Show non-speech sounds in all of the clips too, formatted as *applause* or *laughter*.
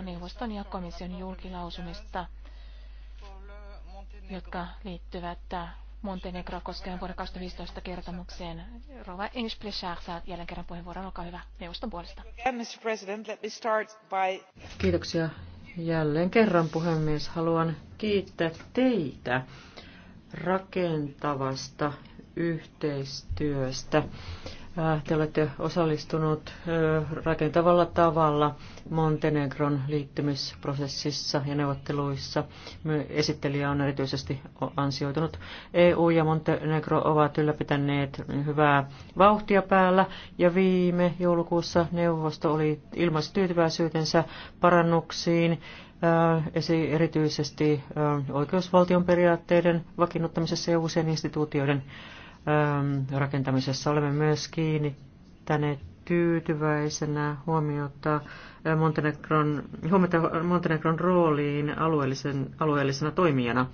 yk neuvoston ja komission julkilausumista, jotka liittyvät Montenegro koskevan vuoden 2015 kertomukseen. Rova Enish Plechard saa jälleen kerran puheenvuoron. Olkaa hyvä neuvoston puolesta. Kiitoksia jälleen kerran puhemies. Haluan kiittää teitä rakentavasta yhteistyöstä te olette osallistunut rakentavalla tavalla Montenegron liittymisprosessissa ja neuvotteluissa. Esittelijä on erityisesti ansioitunut. EU ja Montenegro ovat ylläpitäneet hyvää vauhtia päällä ja viime joulukuussa neuvosto oli ilmaisi tyytyväisyytensä parannuksiin erityisesti oikeusvaltion periaatteiden vakiinnuttamisessa ja uusien instituutioiden Ähm, rakentamisessa. Olemme myös kiinnittäneet tyytyväisenä huomiota äh, Montenegron, huomiota Montenegron rooliin alueellisen, alueellisena toimijana.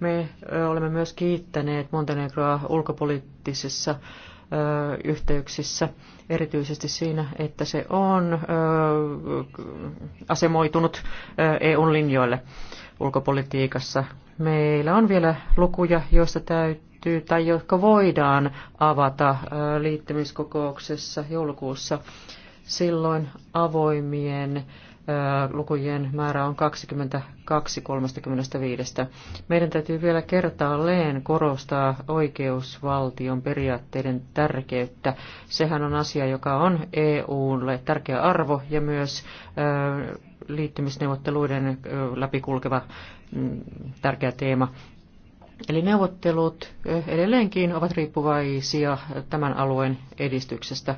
Me äh, olemme myös kiittäneet Montenegroa ulkopoliittisissa äh, yhteyksissä, erityisesti siinä, että se on asemoitunut EUn linjoille ulkopolitiikassa. Meillä on vielä lukuja, joista täytyy liittyy tai jotka voidaan avata liittymiskokouksessa joulukuussa. Silloin avoimien lukujen määrä on 22-35. Meidän täytyy vielä kertaalleen korostaa oikeusvaltion periaatteiden tärkeyttä. Sehän on asia, joka on EUlle tärkeä arvo ja myös liittymisneuvotteluiden läpikulkeva mm, tärkeä teema. Eli neuvottelut edelleenkin ovat riippuvaisia tämän alueen edistyksestä.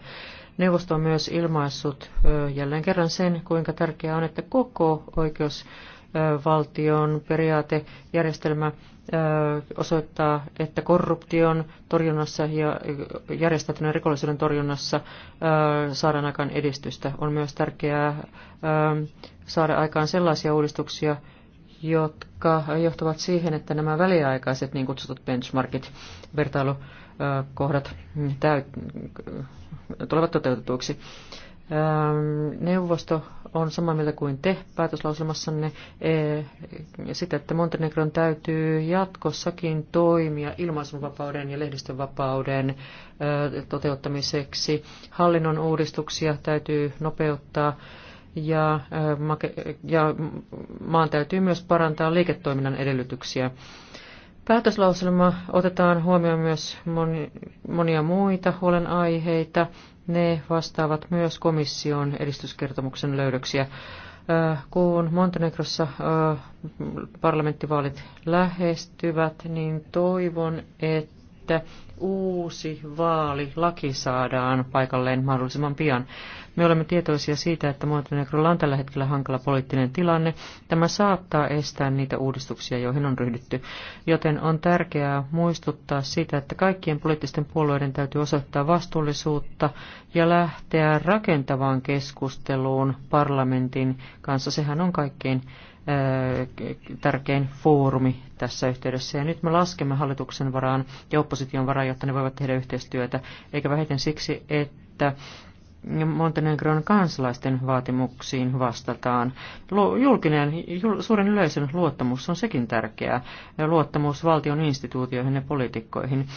Neuvosto on myös ilmaissut jälleen kerran sen, kuinka tärkeää on, että koko oikeusvaltion periaatejärjestelmä osoittaa, että korruption torjunnassa ja järjestäytyneen rikollisuuden torjunnassa saadaan aikaan edistystä. On myös tärkeää saada aikaan sellaisia uudistuksia, jotka johtavat siihen, että nämä väliaikaiset niin kutsutut benchmarkit, vertailukohdat mm, täyt, tulevat toteutetuiksi. Ähm, neuvosto on samaa mieltä kuin te päätöslauselmassanne e, sitä, että Montenegron täytyy jatkossakin toimia ilmaisunvapauden ja lehdistönvapauden äh, toteuttamiseksi. Hallinnon uudistuksia täytyy nopeuttaa ja, ja maan täytyy myös parantaa liiketoiminnan edellytyksiä. Päätöslauselma otetaan huomioon myös monia muita huolenaiheita. Ne vastaavat myös komission edistyskertomuksen löydöksiä. Kun Montenegrossa parlamenttivaalit lähestyvät, niin toivon, että uusi laki saadaan paikalleen mahdollisimman pian. Me olemme tietoisia siitä, että Montenegrolla on tällä hetkellä hankala poliittinen tilanne. Tämä saattaa estää niitä uudistuksia, joihin on ryhdytty. Joten on tärkeää muistuttaa siitä, että kaikkien poliittisten puolueiden täytyy osoittaa vastuullisuutta ja lähteä rakentavaan keskusteluun parlamentin kanssa. Sehän on kaikkein tärkein foorumi tässä yhteydessä. Ja nyt me laskemme hallituksen varaan ja opposition varaan, jotta ne voivat tehdä yhteistyötä, eikä vähiten siksi, että Montenegron kansalaisten vaatimuksiin vastataan. Julkinen, suuren yleisön luottamus on sekin tärkeää. Luottamus valtion instituutioihin ja poliitikkoihin.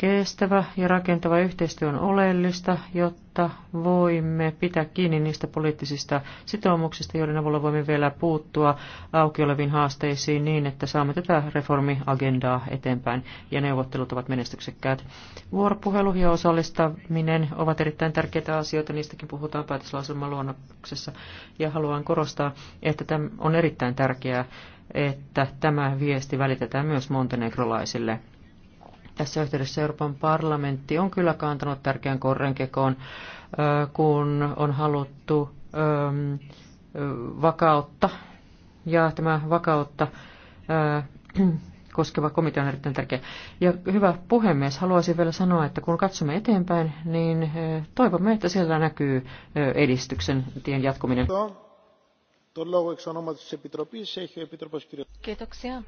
Kestävä ja rakentava yhteistyö on oleellista, jotta voimme pitää kiinni niistä poliittisista sitoumuksista, joiden avulla voimme vielä puuttua auki oleviin haasteisiin niin, että saamme tätä reformiagendaa eteenpäin ja neuvottelut ovat menestyksekkäät. Vuoropuhelu ja osallistaminen ovat erittäin tärkeitä asioita, niistäkin puhutaan päätöslauselman luonnoksessa ja haluan korostaa, että tämä on erittäin tärkeää, että tämä viesti välitetään myös montenegrolaisille tässä yhteydessä Euroopan parlamentti on kyllä kantanut tärkeän korrenkekoon, kun on haluttu vakautta. Ja tämä vakautta *clears throat* koskeva komitea on erittäin tärkeä. Ja hyvä puhemies, haluaisin vielä sanoa, että kun katsomme eteenpäin, niin toivomme, että siellä näkyy edistyksen tien jatkuminen. Kiitoksia.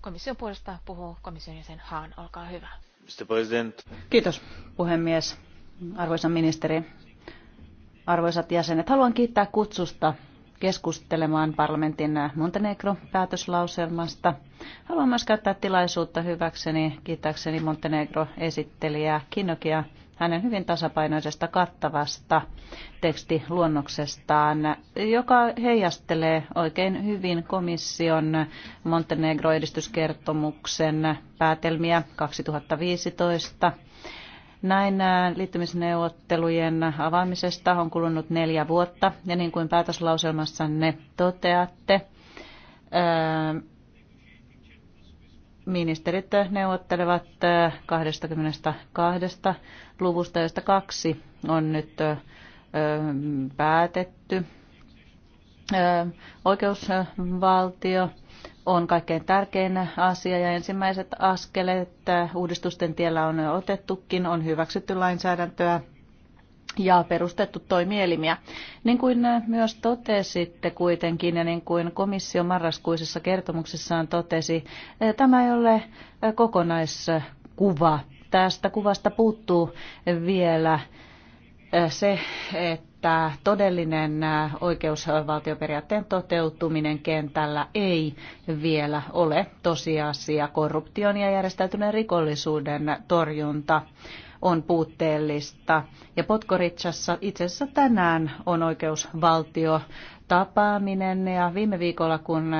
Komission puolesta puhuu komission jäsen Haan. Olkaa hyvä. Mr. President. Kiitos puhemies. Arvoisa ministeri, arvoisat jäsenet, haluan kiittää kutsusta keskustelemaan parlamentin Montenegro-päätöslauselmasta. Haluan myös käyttää tilaisuutta hyväkseni, kiittääkseni Montenegro-esittelijää Kinnokia hänen hyvin tasapainoisesta kattavasta tekstiluonnoksestaan, joka heijastelee oikein hyvin komission Montenegro-edistyskertomuksen päätelmiä 2015. Näin äh, liittymisneuvottelujen avaamisesta on kulunut neljä vuotta, ja niin kuin päätöslauselmassanne toteatte, äh, Ministerit neuvottelevat 22 äh, luvusta, josta kaksi on nyt äh, päätetty. Äh, oikeusvaltio on kaikkein tärkein asia ja ensimmäiset askeleet uudistusten tiellä on otettukin, on hyväksytty lainsäädäntöä ja perustettu toimielimiä. Niin kuin äh, myös totesitte kuitenkin ja niin kuin komissio marraskuisessa kertomuksessaan totesi, äh, tämä ei ole äh, kokonaiskuva. Tästä kuvasta puuttuu vielä se, että todellinen oikeusvaltioperiaatteen toteutuminen kentällä ei vielä ole tosiasia korruption ja järjestäytyneen rikollisuuden torjunta on puutteellista. Ja Potkoritsassa itse asiassa tänään on oikeusvaltio tapaaminen ja viime viikolla kun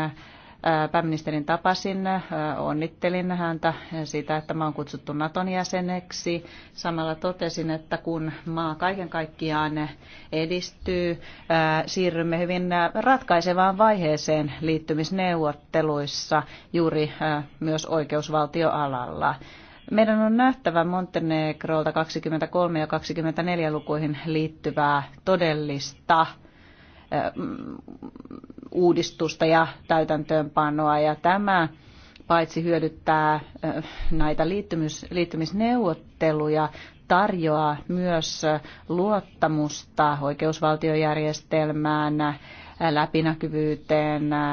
pääministerin tapasin, onnittelin häntä siitä, että mä on kutsuttu Naton jäseneksi. Samalla totesin, että kun maa kaiken kaikkiaan edistyy, siirrymme hyvin ratkaisevaan vaiheeseen liittymisneuvotteluissa juuri myös oikeusvaltioalalla. Meidän on nähtävä Montenegrolta 23 ja 24 lukuihin liittyvää todellista mm, uudistusta ja täytäntöönpanoa. Ja tämä paitsi hyödyttää näitä liittymis, liittymisneuvotteluja, tarjoaa myös luottamusta oikeusvaltiojärjestelmään, läpinäkyvyyteen äh,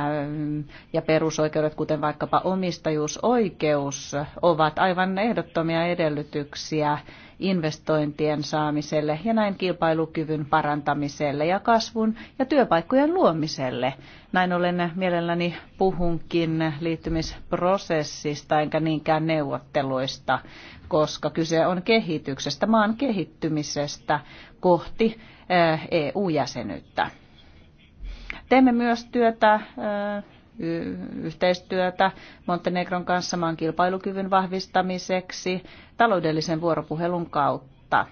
ja perusoikeudet, kuten vaikkapa omistajuusoikeus, ovat aivan ehdottomia edellytyksiä investointien saamiselle ja näin kilpailukyvyn parantamiselle ja kasvun ja työpaikkojen luomiselle. Näin ollen mielelläni puhunkin liittymisprosessista enkä niinkään neuvotteluista, koska kyse on kehityksestä, maan kehittymisestä kohti äh, EU-jäsenyyttä. Teemme myös työtä, yhteistyötä Montenegron kanssa maan kilpailukyvyn vahvistamiseksi taloudellisen vuoropuhelun kautta.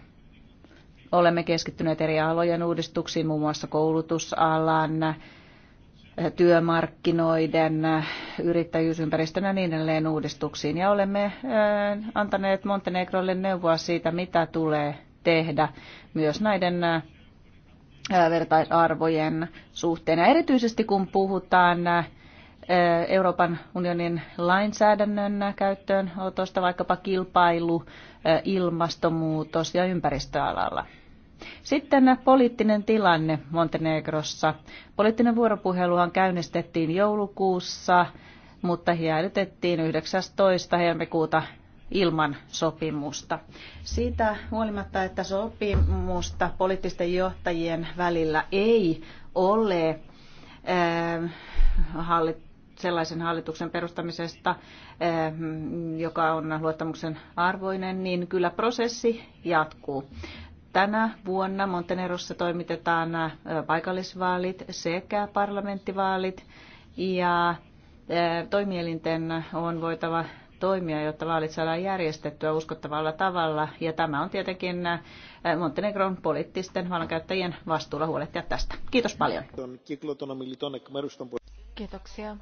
Olemme keskittyneet eri alojen uudistuksiin, muun muassa koulutusalan, työmarkkinoiden, yrittäjyysympäristön ja niin edelleen uudistuksiin. Ja olemme antaneet Montenegrolle neuvoa siitä, mitä tulee tehdä myös näiden vertaisarvojen suhteen. Ja erityisesti kun puhutaan Euroopan unionin lainsäädännön käyttöön otosta, vaikkapa kilpailu, ilmastonmuutos ja ympäristöalalla. Sitten poliittinen tilanne Montenegrossa. Poliittinen vuoropuheluhan käynnistettiin joulukuussa, mutta jäädytettiin 19. helmikuuta ilman sopimusta. Siitä huolimatta, että sopimusta poliittisten johtajien välillä ei ole äh, hallit, sellaisen hallituksen perustamisesta, äh, joka on luottamuksen arvoinen, niin kyllä prosessi jatkuu. Tänä vuonna Montenerossa toimitetaan äh, paikallisvaalit sekä parlamenttivaalit ja toimielinten on voitava toimia, jotta vaalit saadaan järjestettyä uskottavalla tavalla. Ja tämä on tietenkin äh, Montenegron poliittisten vallankäyttäjien vastuulla huolehtia tästä. Kiitos paljon. Kiitoksia.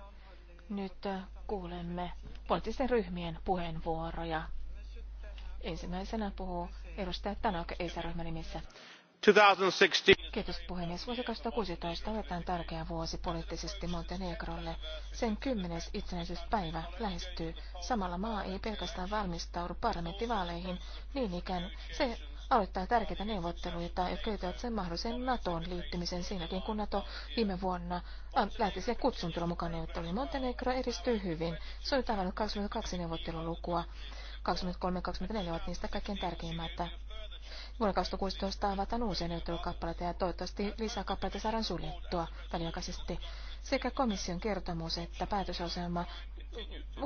Nyt äh, kuulemme poliittisten ryhmien puheenvuoroja. Ensimmäisenä puhuu edustaja Tanok Eisa-ryhmän nimissä. 2016. Kiitos puhemies. Vuosi 2016 otetaan tärkeä vuosi poliittisesti Montenegrolle. Sen kymmenes itsenäisyyspäivä lähestyy. Samalla maa ei pelkästään valmistaudu parlamenttivaaleihin, niin ikään se aloittaa tärkeitä neuvotteluita, jotka liittyvät sen mahdolliseen NATOon liittymisen siinäkin, kun NATO viime vuonna äh, lähti sille kutsun tulla mukaan neuvotteluun. Montenegro edistyy hyvin. Se on tavannut 22 neuvottelulukua. 23-24 ovat niistä kaikkein tärkeimmät Vuonna 2016 avataan uusia neuvottelukappaleita ja toivottavasti lisää kappaleita saadaan suljettua väliaikaisesti. Sekä komission kertomus että päätösasema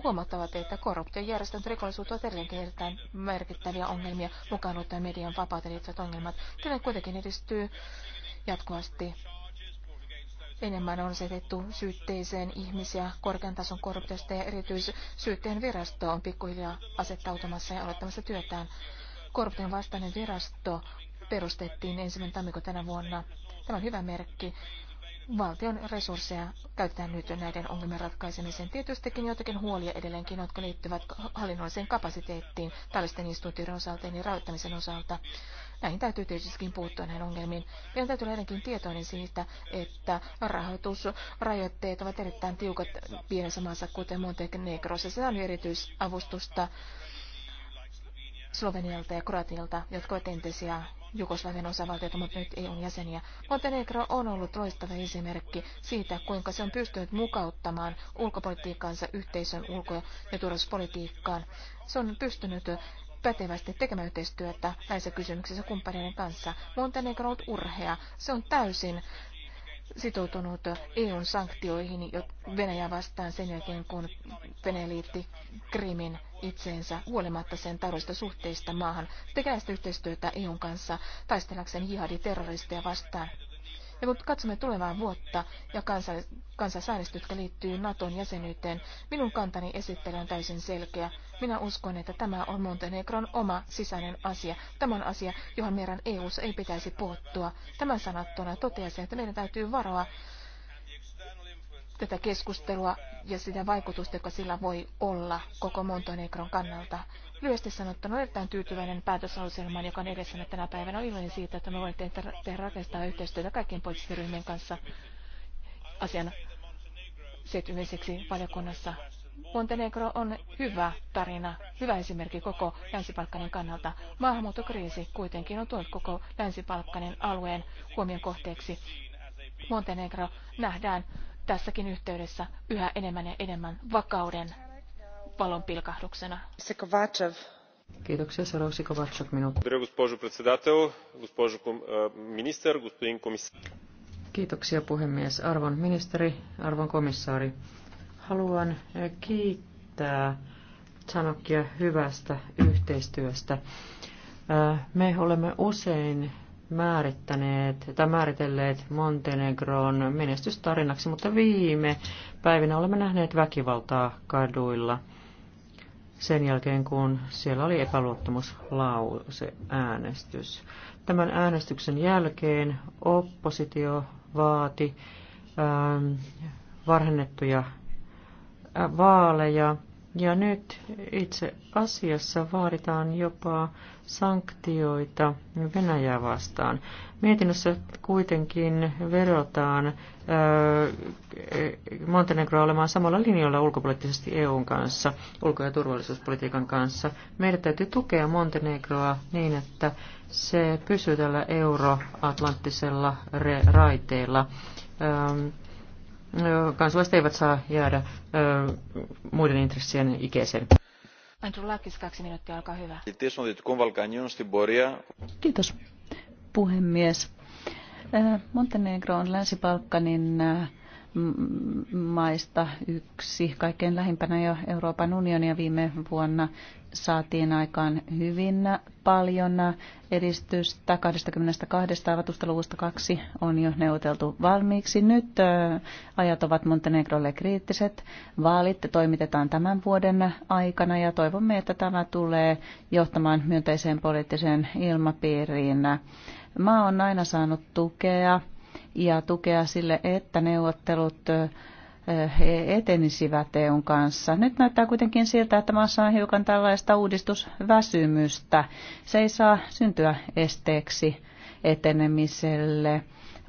huomattavat, että korruptio järjestänyt rikollisuutta on edelleenkin merkittäviä ongelmia, mukaan ottaen median vapauteen liittyvät ongelmat. Tilanne kuitenkin edistyy jatkuvasti. Enemmän on setettu syytteeseen ihmisiä korkean tason korruptiosta ja erityissyytteen virasto on pikkuhiljaa asettautumassa ja aloittamassa työtään. Korruption vastainen virasto perustettiin ensimmäinen tammikuuta tänä vuonna. Tämä on hyvä merkki. Valtion resursseja käytetään nyt näiden ongelmien ratkaisemiseen. Tietystikin joitakin huolia edelleenkin, jotka liittyvät hallinnolliseen kapasiteettiin tällaisten instituutioiden osalta ja niin rahoittamisen osalta. Näihin täytyy tietystikin puuttua näihin ongelmiin. Meidän täytyy olla edelleenkin tietoinen siitä, että rahoitusrajoitteet ovat erittäin tiukat pienessä maassa, kuten Montenegrossa. Se on erityisavustusta Slovenialta ja Kroatialta, jotka ovat entisiä Jugoslavian osavaltioita, mutta nyt ei on jäseniä. Montenegro on ollut loistava esimerkki siitä, kuinka se on pystynyt mukauttamaan ulkopolitiikkaansa yhteisön ulko- ja turvallisuuspolitiikkaan. Se on pystynyt pätevästi tekemään yhteistyötä näissä kysymyksissä kumppaneiden kanssa. Montenegro on urhea. Se on täysin sitoutunut EUn sanktioihin Venäjää vastaan sen jälkeen, kun Venäjä liitti Krimin itseensä huolimatta sen taloudellisista suhteista maahan, tekee yhteistyötä EUn kanssa taistellakseen jihaditerroristeja vastaan. Ja kun katsomme tulevaa vuotta ja kansas, kansansäädöstä, jotka liittyy Naton jäsenyyteen, minun kantani esittely on täysin selkeä. Minä uskon, että tämä on Montenegron oma sisäinen asia. Tämä on asia, johon meidän EU ei pitäisi puuttua. Tämän sanattuna toteaisin, että meidän täytyy varoa tätä keskustelua ja sitä vaikutusta, joka sillä voi olla koko Montenegron kannalta. Lyhyesti sanottuna olen erittäin tyytyväinen päätöslauselmaan, joka on edessänä tänä päivänä. Olen iloinen siitä, että me voimme tehdä, tehdä rakentaa yhteistyötä kaikkien poliittisten ryhmien kanssa asian setymiseksi valiokunnassa. Montenegro on hyvä tarina, hyvä esimerkki koko länsi kannalta. Maahanmuuttokriisi kuitenkin on tuonut koko länsi alueen huomion kohteeksi. Montenegro nähdään tässäkin yhteydessä yhä enemmän ja enemmän vakauden valonpilkahduksena. Kiitoksia, Sarosi Kovatsov, minuutti. E, Kiitoksia puhemies, arvon ministeri, arvon komissaari. Haluan kiittää Sanokia hyvästä yhteistyöstä. Me olemme usein määrittäneet tai määritelleet Montenegron menestystarinaksi, mutta viime päivinä olemme nähneet väkivaltaa kaduilla sen jälkeen, kun siellä oli epäluottamuslause äänestys. Tämän äänestyksen jälkeen oppositio vaati ähm, varhennettuja vaaleja. Ja nyt itse asiassa vaaditaan jopa sanktioita Venäjää vastaan. Mietinnössä kuitenkin verotaan Montenegroa olemaan samalla linjalla ulkopoliittisesti EUn kanssa, ulko- ja turvallisuuspolitiikan kanssa. Meidän täytyy tukea Montenegroa niin, että se pysyy tällä euroatlanttisella raiteella kansalaiset eivät saa jäädä muiden intressien ikeeseen. Andrulakis, kaksi minuuttia, olkaa hyvä. Kiitos, puhemies. Montenegro on Länsi-Balkanin maista yksi kaikkein lähimpänä jo Euroopan unionia viime vuonna saatiin aikaan hyvin paljon edistystä. 22 avatusta luvusta kaksi on jo neuvoteltu valmiiksi. Nyt ajat ovat Montenegrolle kriittiset. Vaalit toimitetaan tämän vuoden aikana ja toivomme, että tämä tulee johtamaan myönteiseen poliittiseen ilmapiiriin. Maa on aina saanut tukea ja tukea sille, että neuvottelut etenisivät EUn kanssa. Nyt näyttää kuitenkin siltä, että maassa on hiukan tällaista uudistusväsymystä. Se ei saa syntyä esteeksi etenemiselle.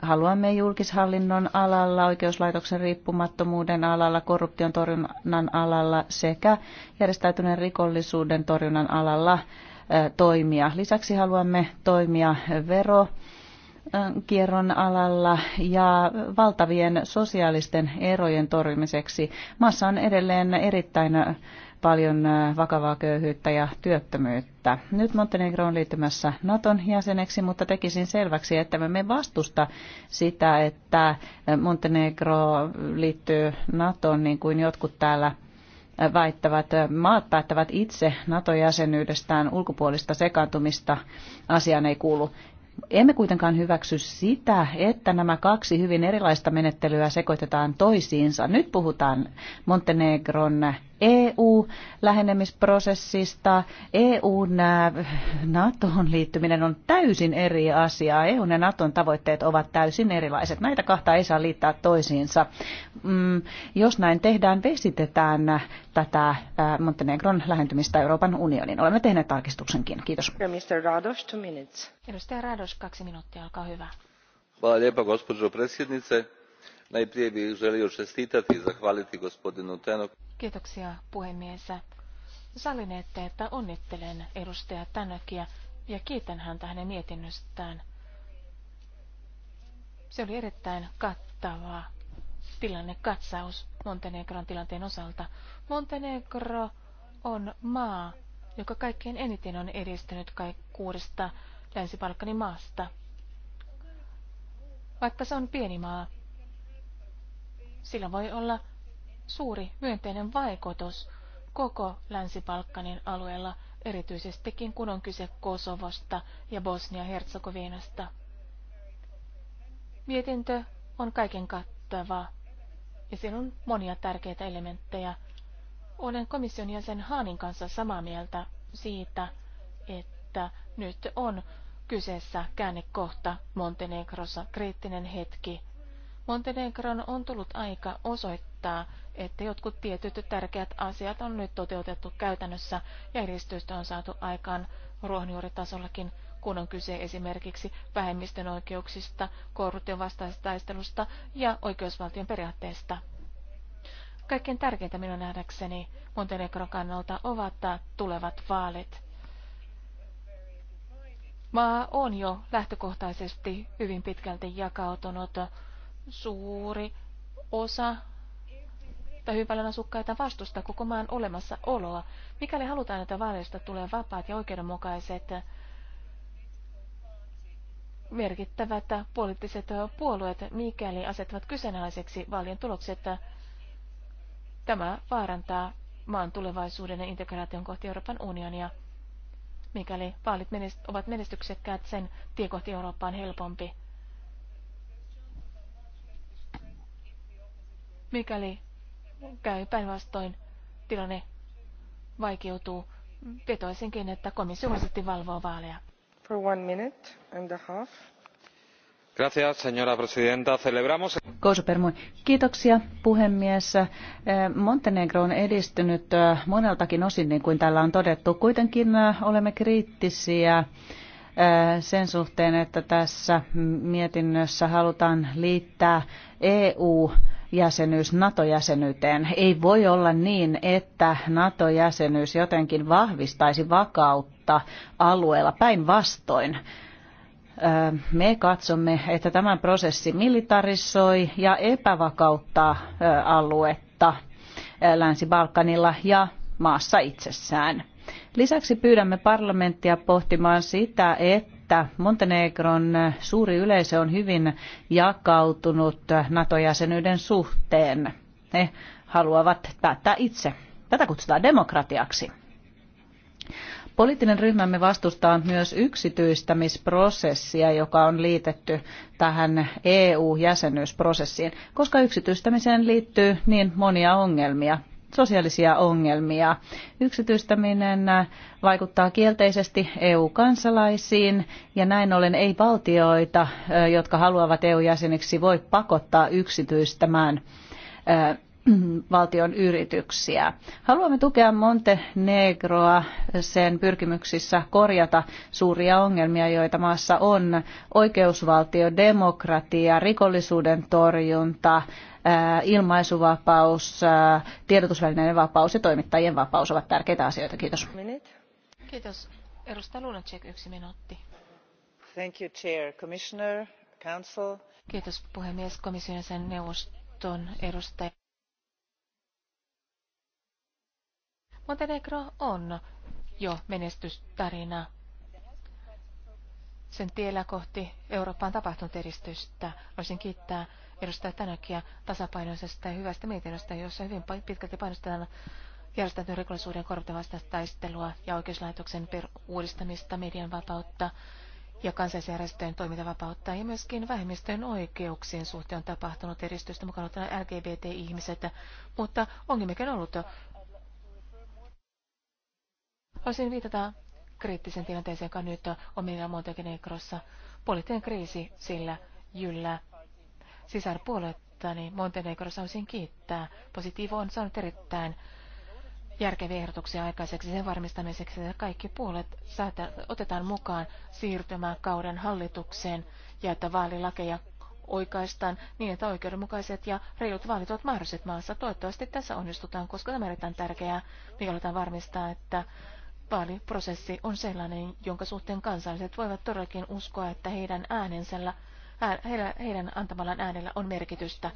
Haluamme julkishallinnon alalla, oikeuslaitoksen riippumattomuuden alalla, korruption torjunnan alalla sekä järjestäytyneen rikollisuuden torjunnan alalla toimia. Lisäksi haluamme toimia vero kierron alalla ja valtavien sosiaalisten erojen torjumiseksi. Maassa on edelleen erittäin paljon vakavaa köyhyyttä ja työttömyyttä. Nyt Montenegro on liittymässä Naton jäseneksi, mutta tekisin selväksi, että me emme vastusta sitä, että Montenegro liittyy NATO:n, niin kuin jotkut täällä väittävät, maat päättävät itse NATO-jäsenyydestään ulkopuolista sekaantumista asiaan ei kuulu. Emme kuitenkaan hyväksy sitä, että nämä kaksi hyvin erilaista menettelyä sekoitetaan toisiinsa. Nyt puhutaan Montenegron EU-lähenemisprosessista. EUn äh, NATOon liittyminen on täysin eri asia. EUn ja NATOn tavoitteet ovat täysin erilaiset. Näitä kahta ei saa liittää toisiinsa. Mm, jos näin tehdään, vesitetään tätä äh, Montenegron lähentymistä Euroopan unioniin. Olemme tehneet tarkistuksenkin. Kiitos. Mr. Rados, two minutes. Edustaja Rados, kaksi minuuttia, olkaa hyvä. Hvala lijepa, gospođo predsjednice. Najprije bih želio čestitati i zahvaliti gospodinu Tenoku Kiitoksia puhemies. Sallin ette, että onnittelen edustaja Tänäkiä ja kiitän häntä hänen mietinnöstään. Se oli erittäin kattava tilannekatsaus Montenegron tilanteen osalta. Montenegro on maa, joka kaikkein eniten on edistynyt kuudesta länsi maasta. Vaikka se on pieni maa, sillä voi olla suuri myönteinen vaikutus koko Länsi-Balkanin alueella, erityisestikin kun on kyse Kosovosta ja Bosnia-Herzegovinasta. Mietintö on kaiken kattava ja siinä on monia tärkeitä elementtejä. Olen komission jäsen Haanin kanssa samaa mieltä siitä, että nyt on kyseessä käännekohta Montenegrossa kriittinen hetki. Montenegron on tullut aika osoittaa, osoittaa, että jotkut tietyt tärkeät asiat on nyt toteutettu käytännössä ja edistystä on saatu aikaan ruohonjuuritasollakin, kun on kyse esimerkiksi vähemmistön oikeuksista, korruption vastaisesta taistelusta ja oikeusvaltion periaatteesta. Kaikkein tärkeintä minun nähdäkseni Montenegron kannalta ovat tulevat vaalit. Maa on jo lähtökohtaisesti hyvin pitkälti jakautunut. Suuri osa tai hyvin paljon asukkaita vastustaa koko maan olemassaoloa. Mikäli halutaan, että vaaleista tulee vapaat ja oikeudenmukaiset merkittävät poliittiset puolueet, mikäli asettavat kyseenalaiseksi vaalien tulokset, tämä vaarantaa maan tulevaisuuden ja integraation kohti Euroopan unionia. Mikäli vaalit ovat menestyksekkäät, sen tie kohti Eurooppaa on helpompi. Mikäli käy päinvastoin. Tilanne vaikeutuu. Vetoisinkin, että komissio huolisesti valvoo vaaleja. For one minute and a half. Gracias, señora presidenta. Celebramos... Kiitoksia puhemies. Eh, Montenegro on edistynyt eh, moneltakin osin, niin kuin täällä on todettu. Kuitenkin eh, olemme kriittisiä sen suhteen, että tässä mietinnössä halutaan liittää EU jäsenyys NATO-jäsenyyteen. Ei voi olla niin, että NATO-jäsenyys jotenkin vahvistaisi vakautta alueella päinvastoin. Me katsomme, että tämä prosessi militarisoi ja epävakauttaa aluetta Länsi-Balkanilla ja maassa itsessään. Lisäksi pyydämme parlamenttia pohtimaan sitä, että että Montenegron suuri yleisö on hyvin jakautunut NATO-jäsenyyden suhteen. He haluavat päättää itse. Tätä kutsutaan demokratiaksi. Poliittinen ryhmämme vastustaa myös yksityistämisprosessia, joka on liitetty tähän EU-jäsenyysprosessiin, koska yksityistämiseen liittyy niin monia ongelmia sosiaalisia ongelmia. Yksityistäminen vaikuttaa kielteisesti EU-kansalaisiin ja näin ollen ei valtioita, jotka haluavat EU-jäseniksi, voi pakottaa yksityistämään valtion yrityksiä. Haluamme tukea Montenegroa sen pyrkimyksissä korjata suuria ongelmia, joita maassa on. Oikeusvaltio, demokratia, rikollisuuden torjunta, ilmaisuvapaus, tiedotusvälineiden vapaus ja toimittajien vapaus ovat tärkeitä asioita. Kiitos. Kiitos. Edustaja Lunacek, yksi minuutti. Thank you, Chair. Commissioner, Council. Kiitos puhemies komission sen neuvoston edustaja. Montenegro on jo menestystarina. Sen tiellä kohti Eurooppaan tapahtunut edistystä. Voisin kiittää edustaja ja tasapainoisesta ja hyvästä mietinnöstä, jossa hyvin pitkälti painostetaan järjestäytyneen rikollisuuden korvattavasta taistelua ja oikeuslaitoksen per- uudistamista, median vapautta ja kansallisjärjestöjen toimintavapautta ja myöskin vähemmistöjen oikeuksien suhteen on tapahtunut edistystä mukaan ottaen LGBT-ihmiset, mutta ongelmikin on ollut. Haluaisin viitata kriittisen tilanteeseen, joka nyt on meillä Montenegrossa. Poliittinen kriisi sillä jyllä sisarpuolettani Montenegrossa haluaisin kiittää. Positiivo on saanut erittäin järkeviä ehdotuksia aikaiseksi sen varmistamiseksi, että kaikki puolet saata, otetaan mukaan siirtymään kauden hallitukseen ja että vaalilakeja oikaistaan niin, että oikeudenmukaiset ja reilut vaalit ovat mahdolliset maassa. Toivottavasti tässä onnistutaan, koska tämä on erittäin tärkeää, mikä aletaan varmistaa, että vaaliprosessi on sellainen, jonka suhteen kansalaiset voivat todellakin uskoa, että heidän äänensä heidän antamallaan äänellä on merkitystä.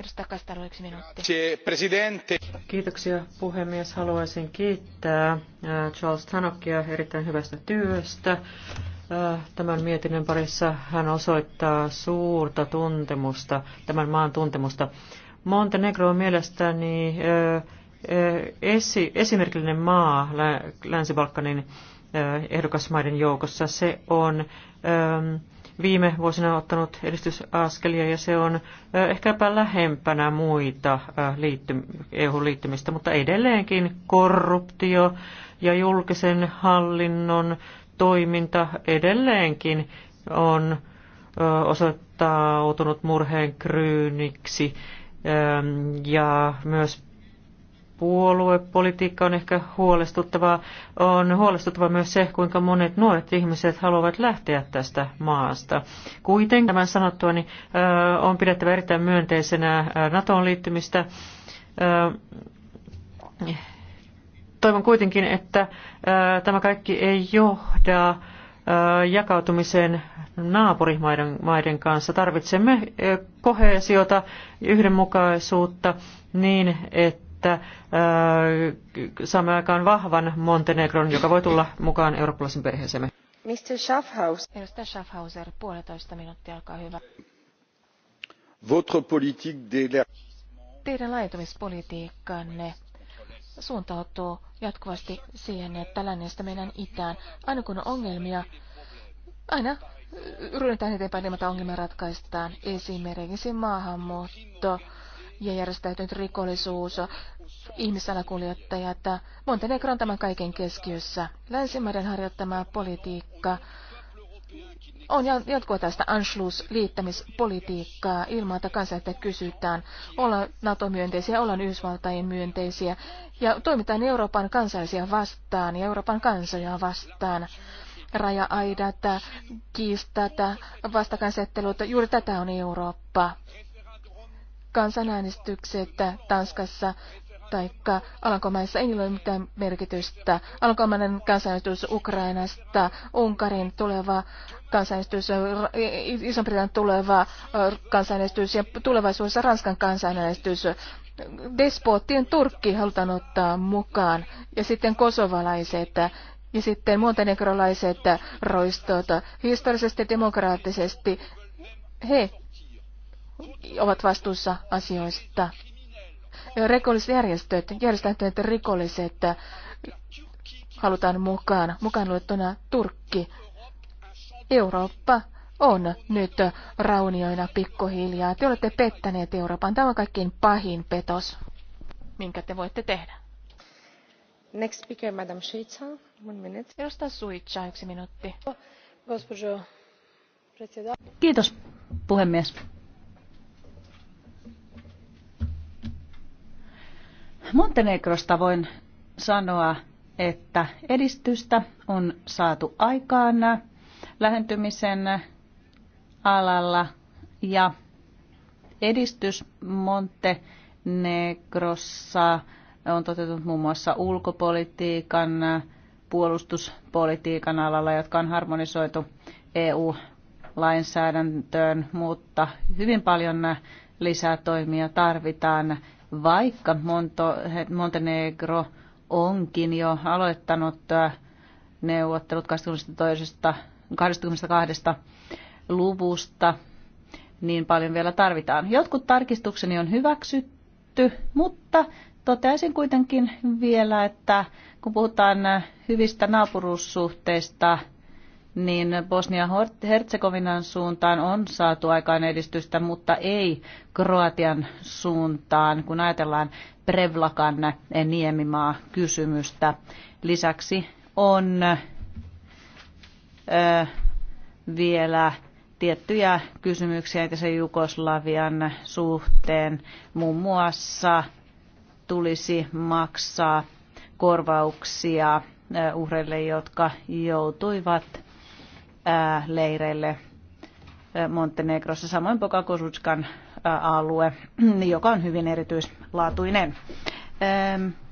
Edustaja yksi minuutti. Kiitoksia puhemies. Haluaisin kiittää Charles Tanokia erittäin hyvästä työstä. Tämän mietinnön parissa hän osoittaa suurta tuntemusta, tämän maan tuntemusta. Montenegro on mielestäni esi- esimerkillinen maa Länsi-Balkanin ehdokasmaiden joukossa. Se on viime vuosina ottanut edistysaskelia ja se on ehkäpä lähempänä muita EU-liittymistä, mutta edelleenkin korruptio ja julkisen hallinnon toiminta edelleenkin on osoittautunut murheen kryyniksi ja myös puoluepolitiikka on ehkä huolestuttavaa. On huolestuttavaa myös se, kuinka monet nuoret ihmiset haluavat lähteä tästä maasta. Kuitenkin tämän sanottua niin, on pidettävä erittäin myönteisenä NATOon liittymistä. Toivon kuitenkin, että tämä kaikki ei johda jakautumiseen naapurimaiden maiden kanssa. Tarvitsemme kohesiota, yhdenmukaisuutta niin, että että äh, saamme aikaan vahvan Montenegron, joka voi tulla mukaan eurooppalaisen perheeseemme. Mr. Schaffhauser. Edustaja Schaffhauser, puolitoista minuuttia, olkaa hyvä. Votre politique de... Teidän laajentumispolitiikkanne suuntautuu jatkuvasti siihen, että lännestä meidän itään. Aina kun on ongelmia, aina ryhdytään eteenpäin, niin ongelmia ratkaistaan. Esimerkiksi maahanmuutto, ja järjestäytynyt rikollisuus, ihmissalakuljettajat. Montenegro on tämän kaiken keskiössä. Länsimaiden harjoittama politiikka on jatkoa tästä Anschluss-liittämispolitiikkaa ilman, että kansalta kysytään. Ollaan NATO-myönteisiä, ollaan Yhdysvaltain myönteisiä ja toimitaan Euroopan kansallisia vastaan ja Euroopan kansoja vastaan raja-aidat, kiistat, vastakansettelut, Juuri tätä on Eurooppa kansanäänestykset Tanskassa tai Alankomaissa ei ole mitään merkitystä. Alankomainen kansanäänestys Ukrainasta, Unkarin tuleva kansanäänestys, Iso-Britannian tuleva kansanäänestys ja tulevaisuudessa Ranskan kansanäänestys. Despoottien Turkki halutaan ottaa mukaan ja sitten kosovalaiset ja sitten montenegrolaiset roistot. Historiallisesti demokraattisesti he ovat vastuussa asioista. Rikolliset järjestöt, järjestäytyneet rikolliset halutaan mukaan, mukaan luettuna Turkki. Eurooppa on nyt raunioina pikkuhiljaa. Te olette pettäneet Euroopan. Tämä on kaikkein pahin petos, minkä te voitte tehdä. Next speaker, Madam Suica. One minute. Edustaja Suica, yksi minuutti. Kiitos, puhemies. Montenegrosta voin sanoa, että edistystä on saatu aikaan lähentymisen alalla ja edistys Montenegrossa on toteutunut muun muassa ulkopolitiikan, puolustuspolitiikan alalla, jotka on harmonisoitu EU-lainsäädäntöön, mutta hyvin paljon lisää toimia tarvitaan vaikka Monto, Montenegro onkin jo aloittanut äh, neuvottelut 22, luvusta, niin paljon vielä tarvitaan. Jotkut tarkistukseni on hyväksytty, mutta toteaisin kuitenkin vielä, että kun puhutaan äh, hyvistä naapuruussuhteista, niin Bosnia-Herzegovinan suuntaan on saatu aikaan edistystä, mutta ei Kroatian suuntaan, kun ajatellaan Prevlakan niemimaa kysymystä. Lisäksi on ö, vielä tiettyjä kysymyksiä se Jugoslavian suhteen. Muun muassa tulisi maksaa korvauksia uhreille, jotka joutuivat leireille Montenegrossa, samoin Pokakosutskan alue, *clears throat* joka on hyvin erityislaatuinen.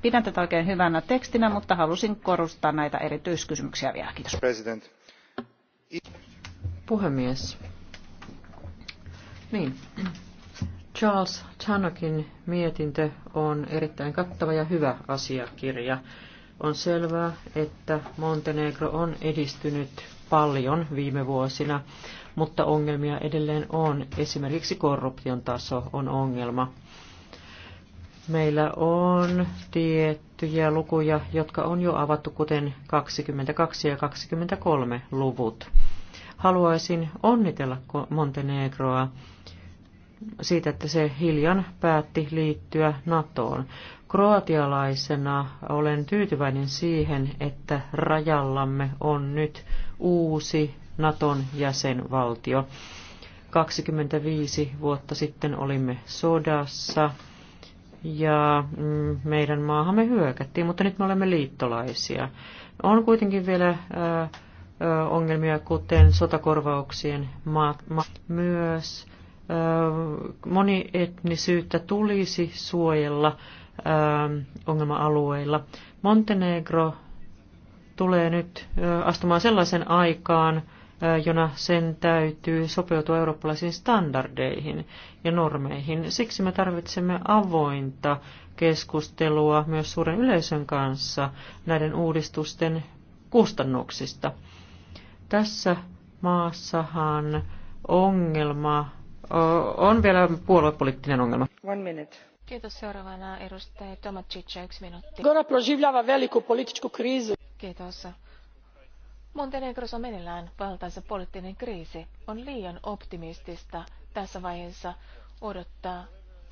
Pidän tätä oikein hyvänä tekstinä, mutta halusin korostaa näitä erityiskysymyksiä vielä. Kiitos. President. Puhemies. Niin. Charles Tanokin mietintö on erittäin kattava ja hyvä asiakirja. On selvää, että Montenegro on edistynyt paljon viime vuosina, mutta ongelmia edelleen on. Esimerkiksi korruption taso on ongelma. Meillä on tiettyjä lukuja, jotka on jo avattu, kuten 22 ja 23 luvut. Haluaisin onnitella Montenegroa siitä, että se hiljan päätti liittyä NATOon. Kroatialaisena olen tyytyväinen siihen, että rajallamme on nyt uusi Naton jäsenvaltio. 25 vuotta sitten olimme sodassa ja mm, meidän maahamme hyökättiin, mutta nyt me olemme liittolaisia. On kuitenkin vielä ongelmia, kuten sotakorvauksien maat, myös monietnisyyttä tulisi suojella Ähm, ongelma-alueilla. Montenegro tulee nyt astumaan sellaisen aikaan, jona sen täytyy sopeutua eurooppalaisiin standardeihin ja normeihin. Siksi me tarvitsemme avointa keskustelua myös suuren yleisön kanssa näiden uudistusten kustannuksista. Tässä maassahan ongelma on vielä puoluepoliittinen ongelma. One minute. Gora proživljava veliku političku krizu. Kiitos. Montenegrossa on meneillään valtaisa poliittinen kriisi. On liian optimistista tässä vaiheessa odottaa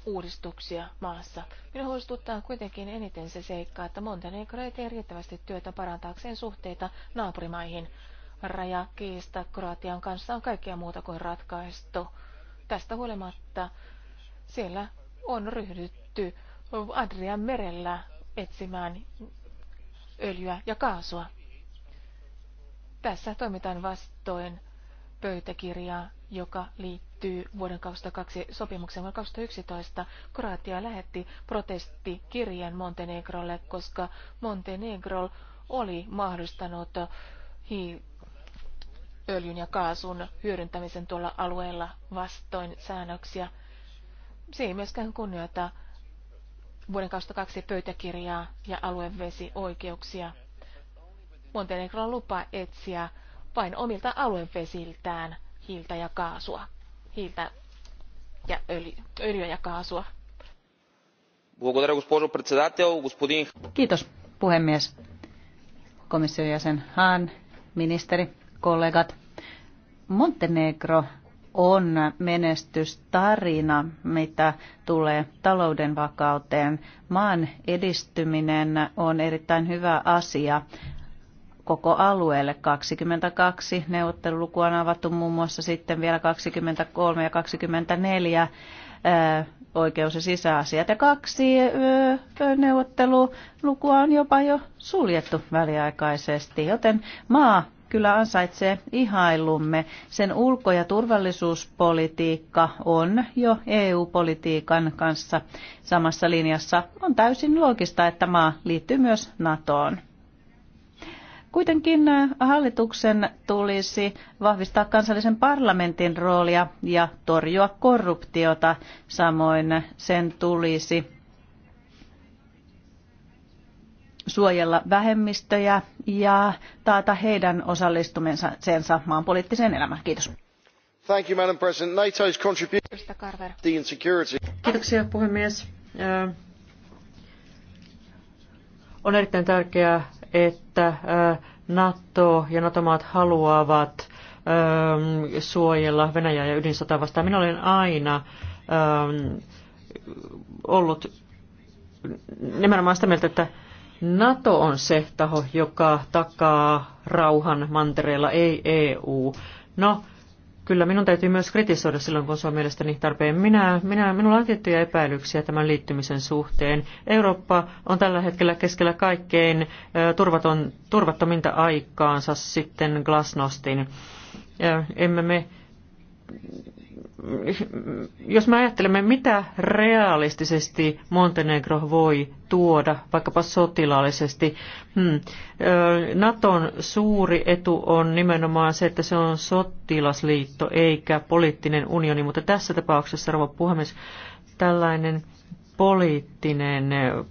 uudistuksia maassa. Minua huolestuttaa kuitenkin eniten se seikka, että Montenegro ei tee riittävästi työtä parantaakseen suhteita naapurimaihin. Raja kiista Kroatian kanssa on kaikkea muuta kuin ratkaistu. Tästä huolimatta siellä on ryhdytty Adrian merellä etsimään öljyä ja kaasua. Tässä toimitaan vastoin pöytäkirjaa, joka liittyy vuoden 2002 sopimukseen. Vuonna 2011 Kroatia lähetti protestikirjan Montenegrolle, koska Montenegro oli mahdollistanut hi- öljyn ja kaasun hyödyntämisen tuolla alueella vastoin säännöksiä se ei myöskään kunnioita vuoden 2002 pöytäkirjaa ja aluevesioikeuksia. Montenegro on lupa etsiä vain omilta aluevesiltään hiiltä ja kaasua, hiiltä ja öljyä ja kaasua. Kiitos puhemies. Komission jäsen Hahn, ministeri, kollegat. Montenegro on menestystarina, mitä tulee talouden vakauteen. Maan edistyminen on erittäin hyvä asia koko alueelle. 22 neuvotteluluku on avattu muun muassa sitten vielä 23 ja 24 oikeus- ja sisäasiat. Ja kaksi neuvottelulukua on jopa jo suljettu väliaikaisesti, joten maa kyllä ansaitsee ihailumme. Sen ulko- ja turvallisuuspolitiikka on jo EU-politiikan kanssa samassa linjassa. On täysin loogista, että maa liittyy myös NATOon. Kuitenkin äh, hallituksen tulisi vahvistaa kansallisen parlamentin roolia ja torjua korruptiota. Samoin sen tulisi suojella vähemmistöjä ja taata heidän osallistumisensa maan poliittiseen elämään. Kiitos. Kiitoksia puhemies. Äh, on erittäin tärkeää, että äh, NATO ja NATO-maat haluavat ähm, suojella Venäjää ja ydinsotaa vastaan. Minä olen aina ähm, ollut nimenomaan sitä mieltä, että NATO on se taho, joka takaa rauhan mantereella, ei EU. No, kyllä minun täytyy myös kritisoida silloin, kun se on mielestäni tarpeen. Minä, minä, minulla on tiettyjä epäilyksiä tämän liittymisen suhteen. Eurooppa on tällä hetkellä keskellä kaikkein turvaton, turvattominta aikaansa sitten Glasnostin. Emme me jos me ajattelemme, mitä realistisesti Montenegro voi tuoda, vaikkapa sotilaallisesti, hmm. Naton suuri etu on nimenomaan se, että se on sotilasliitto eikä poliittinen unioni, mutta tässä tapauksessa, rouva puhemies, tällainen poliittinen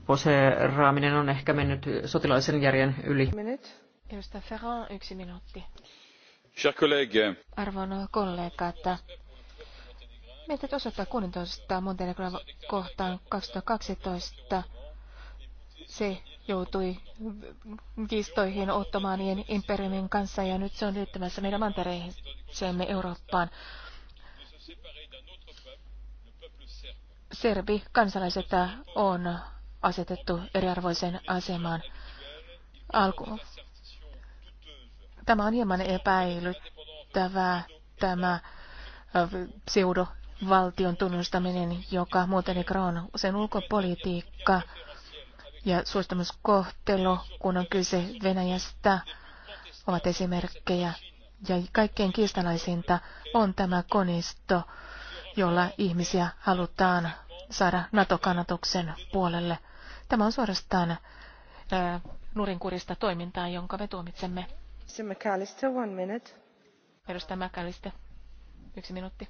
poseeraaminen on ehkä mennyt sotilaisen järjen yli. Edustaja Ferran, yksi minuutti. Arvon että meidän täytyy osoittaa kunnioitusta Montenegroa kohtaan 2012. Se joutui kiistoihin ottomaanien imperiumin kanssa ja nyt se on liittymässä meidän mantereihin, Eurooppaan. Serbi kansalaiset on asetettu eriarvoiseen asemaan alkuun. Tämä on hieman epäilyttävää, tämä pseudo valtion tunnustaminen, joka muuten on sen ulkopolitiikka ja suostumuskohtelu, kun on kyse Venäjästä, ovat esimerkkejä. Ja kaikkein kiistanaisinta on tämä konisto, jolla ihmisiä halutaan saada NATO-kannatuksen puolelle. Tämä on suorastaan ää, nurinkurista toimintaa, jonka me tuomitsemme. one minute. Edustaja McAllister, yksi minuutti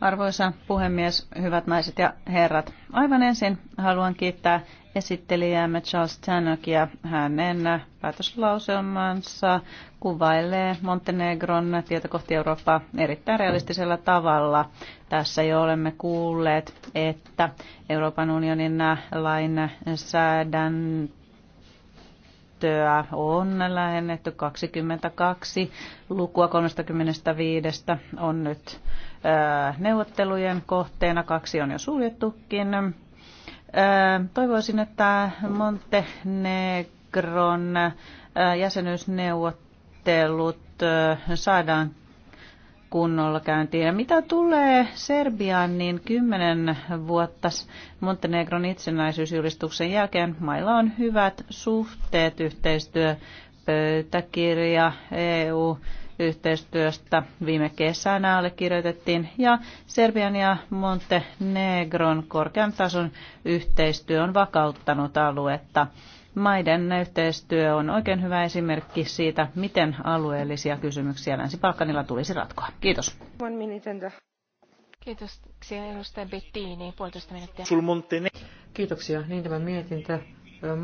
Arvoisa puhemies, hyvät naiset ja herrat. Aivan ensin haluan kiittää esittelijäämme Charles Tannockia. Hänen päätöslauselmansa kuvailee Montenegron tietä kohti Eurooppaa erittäin realistisella tavalla. Tässä jo olemme kuulleet, että Euroopan unionin lainsäädäntö tyttöä on lähennetty 22 lukua 35 on nyt neuvottelujen kohteena, kaksi on jo suljettukin. Toivoisin, että Montenegron jäsenyysneuvottelut saadaan kunnolla käyntiin. Ja mitä tulee Serbiaan, niin kymmenen vuotta Montenegron itsenäisyysjulistuksen jälkeen mailla on hyvät suhteet, yhteistyö, pöytäkirja, EU, yhteistyöstä viime kesänä allekirjoitettiin ja Serbian ja Montenegron korkean tason yhteistyö on vakauttanut aluetta maiden yhteistyö on oikein hyvä esimerkki siitä, miten alueellisia kysymyksiä Länsi-Balkanilla tulisi ratkoa. Kiitos. Kiitoksia edustaja Bettini, puolitoista minuuttia. Kiitoksia. Niin tämä mietintä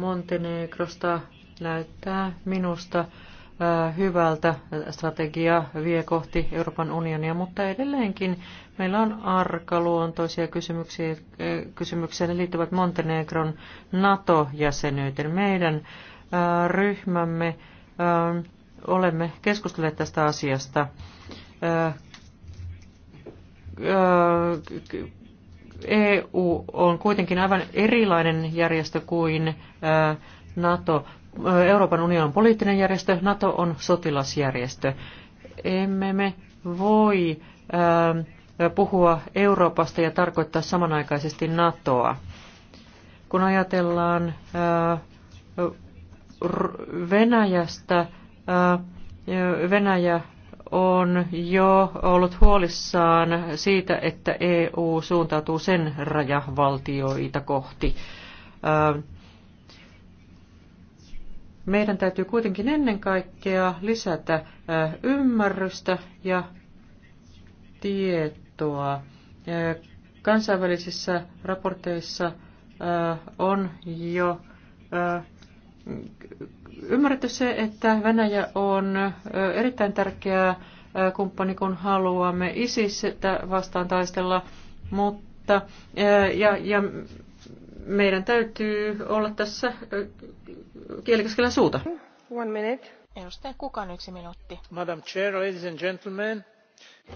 Montenegrosta näyttää minusta hyvältä. Strategia vie kohti Euroopan unionia, mutta edelleenkin meillä on arkaluontoisia kysymyksiä, kysymyksiä ne liittyvät Montenegron NATO-jäsenyyteen. Meidän ryhmämme olemme keskustelleet tästä asiasta. EU on kuitenkin aivan erilainen järjestö kuin NATO. Euroopan unionin poliittinen järjestö, NATO on sotilasjärjestö. Emme me voi ähm, puhua Euroopasta ja tarkoittaa samanaikaisesti NATOa. Kun ajatellaan äh, Venäjästä, äh, Venäjä on jo ollut huolissaan siitä, että EU suuntautuu sen rajavaltioita kohti. Äh, meidän täytyy kuitenkin ennen kaikkea lisätä ymmärrystä ja tietoa. Kansainvälisissä raporteissa on jo ymmärretty se, että Venäjä on erittäin tärkeä kumppani, kun haluamme ISIS vastaan taistella, mutta ja, ja meidän täytyy olla tässä kielikeskellä suuta. One minute. Edustaja Kukan yksi minuutti. Madam Chair, ladies and gentlemen.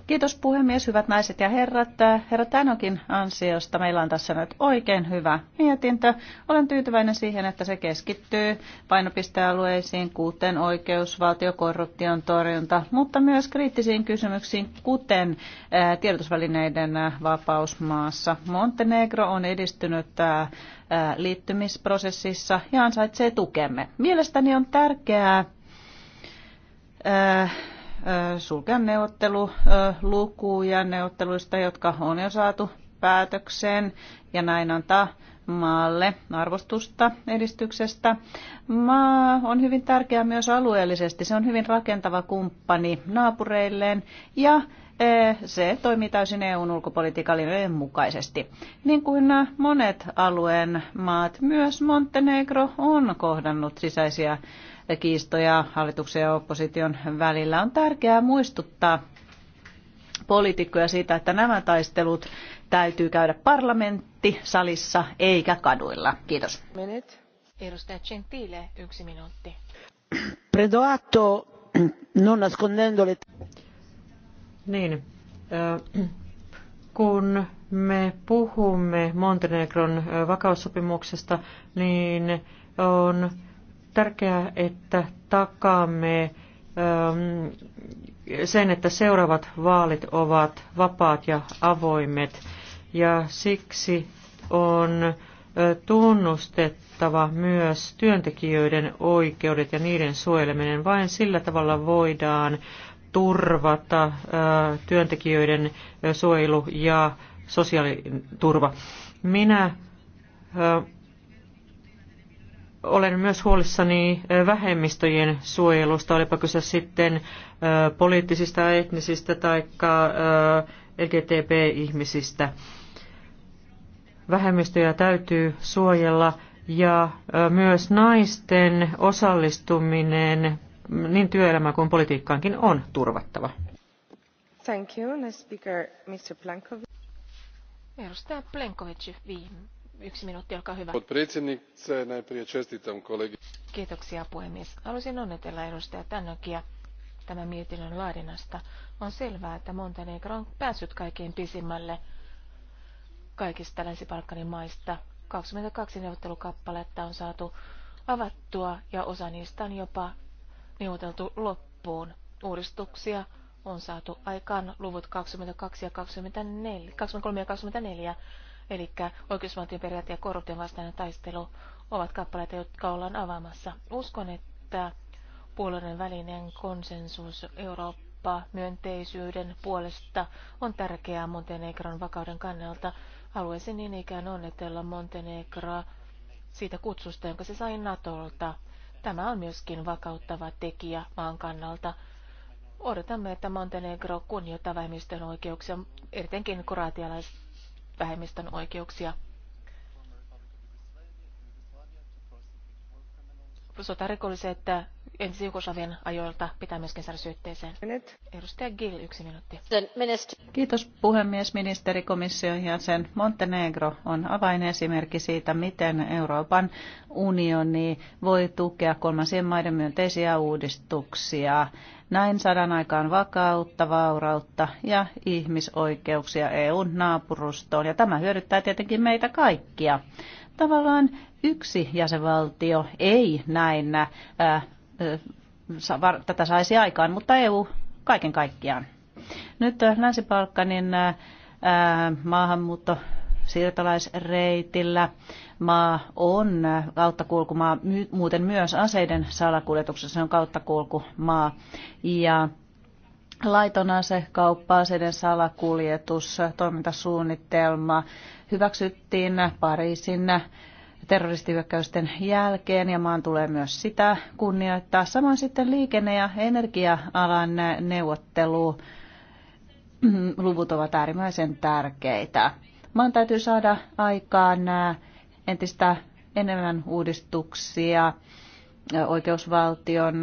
Kiitos puhemies, hyvät naiset ja herrat. Herra Tänokin ansiosta meillä on tässä nyt oikein hyvä mietintö. Olen tyytyväinen siihen, että se keskittyy painopistealueisiin, kuten valtiokorruption torjunta, mutta myös kriittisiin kysymyksiin, kuten tiedotusvälineiden vapaus maassa. Montenegro on edistynyt liittymisprosessissa ja ansaitsee tukemme. Mielestäni on tärkeää sulkea neuvottelulukuja neuvotteluista, jotka on jo saatu päätökseen ja näin antaa maalle arvostusta edistyksestä. Maa on hyvin tärkeä myös alueellisesti. Se on hyvin rakentava kumppani naapureilleen ja se toimii täysin EUn ulkopolitiikan mukaisesti. Niin kuin monet alueen maat, myös Montenegro on kohdannut sisäisiä kiistoja hallituksen ja opposition välillä. On tärkeää muistuttaa poliitikkoja siitä, että nämä taistelut täytyy käydä parlamentti salissa eikä kaduilla. Kiitos. Minut. Edustaja Gentile, yksi minuutti. Prendo atto non le. Niin, kun me puhumme Montenegron vakaussopimuksesta, niin on tärkeää, että takaamme ähm, sen, että seuraavat vaalit ovat vapaat ja avoimet. Ja siksi on tunnustettava myös työntekijöiden oikeudet ja niiden suojeleminen. Vain sillä tavalla voidaan turvata työntekijöiden suojelu ja sosiaaliturva. Minä olen myös huolissani vähemmistöjen suojelusta, olipa kyse sitten poliittisista, etnisistä tai LGTB-ihmisistä. Vähemmistöjä täytyy suojella ja myös naisten osallistuminen niin työelämään kuin politiikkaankin on turvattava. Thank you. speaker, Mr. Plankovic. Edustaja Plenkovic, viime arvoisa minuutti, olkaa hyvä. Kiitoksia puhemies. Haluaisin onnitella edustaja tannockia tämän mietinnön laadinnasta. On selvää, että Montenegro on päässyt kaikkein pisimmälle kaikista Länsi-Balkanin maista. 22 neuvottelukappaletta on saatu avattua ja osa niistä on jopa neuvoteltu loppuun. Uudistuksia on saatu aikaan luvut 22 ja kaksikymmentäkolme 23 ja 24 eli oikeusvaltion periaate ja korruption vastainen taistelu ovat kappaleita, jotka ollaan avaamassa. Uskon, että puolueiden välinen konsensus Eurooppa myönteisyyden puolesta on tärkeää Montenegron vakauden kannalta. Haluaisin niin ikään onnitella Montenegroa siitä kutsusta, jonka se sai Natolta. Tämä on myöskin vakauttava tekijä maan kannalta. Odotamme, että Montenegro kunnioittaa vähemmistön oikeuksia, erityisesti kroatialaiset vähemmistön oikeuksia. Sotarikolliset entisen Jugoslavian ajoilta pitää myöskin saada syytteeseen. Edustaja Gill, yksi minuutti. Kiitos puhemies, ministeri, ja sen Montenegro on avainesimerkki siitä, miten Euroopan unioni voi tukea kolmansien maiden myönteisiä uudistuksia. Näin saadaan aikaan vakautta, vaurautta ja ihmisoikeuksia EUn naapurustoon, ja tämä hyödyttää tietenkin meitä kaikkia tavallaan yksi jäsenvaltio ei näin äh, tätä saisi aikaan, mutta EU kaiken kaikkiaan. Nyt Länsi-Balkanin maahanmuutto siirtolaisreitillä. Maa on kauttakulkumaa, muuten myös aseiden salakuljetuksessa on kauttakulkumaa. Ja laiton kauppa aseiden salakuljetus, toimintasuunnitelma hyväksyttiin Pariisin terroristihyökkäysten jälkeen ja maan tulee myös sitä kunnioittaa. Samoin sitten liikenne- ja energia-alan neuvottelu luvut ovat äärimmäisen tärkeitä. Maan täytyy saada aikaan entistä enemmän uudistuksia oikeusvaltion,